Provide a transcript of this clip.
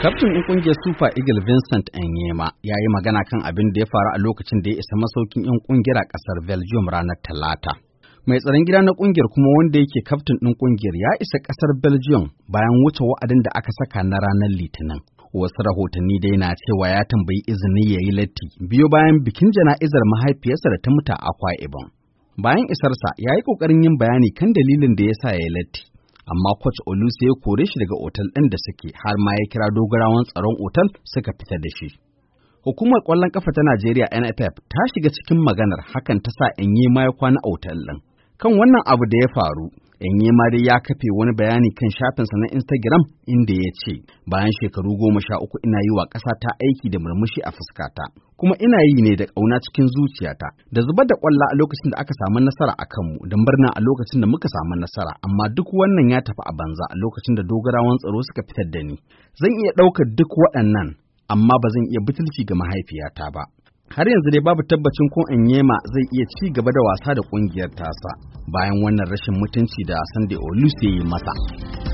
Kaftin ɗin ƙungiyar Super Eagle Vincent enyema ya yi magana kan abin da ya faru a lokacin da ya isa masaukin 'yan ƙungiyar a ƙasar Belgium ranar Talata. Mai tsaron gida na ƙungiyar kuma wanda yake kaftin ɗin ƙungiyar ya isa ƙasar Belgium bayan wuce wa'adin da aka saka na ranar Litinin. Wasu rahotanni dai na cewa ya tambayi izini ya yi latti biyo bayan bikin jana'izar mahaifiyarsa da ta mutu a Akwa Bayan isarsa ya yi ƙoƙarin yin bayani kan dalilin da ya sa ya yi latti. amma coach Olusi ya kore shi daga otal ɗin da suke har ma ya kira dogarawan tsaron otal suka fita da shi. Hukumar ƙwallon ƙafa ta Najeriya NFF ta shiga cikin maganar hakan ta sa in yi ma ya kwana otal ɗin. Kan wannan abu da ya faru, Enyema dai ya kafe wani bayani kan shafinsa na Instagram inda ya ce, Bayan shekaru goma sha uku ina yi wa ƙasa ta aiki da murmushi a fuskata, kuma ina yi ne da ƙauna cikin zuciyata, da zubar da ƙwallo a lokacin da aka samu nasara a kanmu, da murna a lokacin da muka samu nasara, amma duk wannan ya tafi a banza a lokacin da dogarawan tsaro suka fitar da ni. Zan iya ɗaukar duk waɗannan, amma ba zan iya butulci ga mahaifiyata ba. har yanzu dai babu tabbacin ko Anyema zai iya ci gaba da wasa da ƙungiyar tasa. bayan wannan rashin mutunci da Sunday yi masa.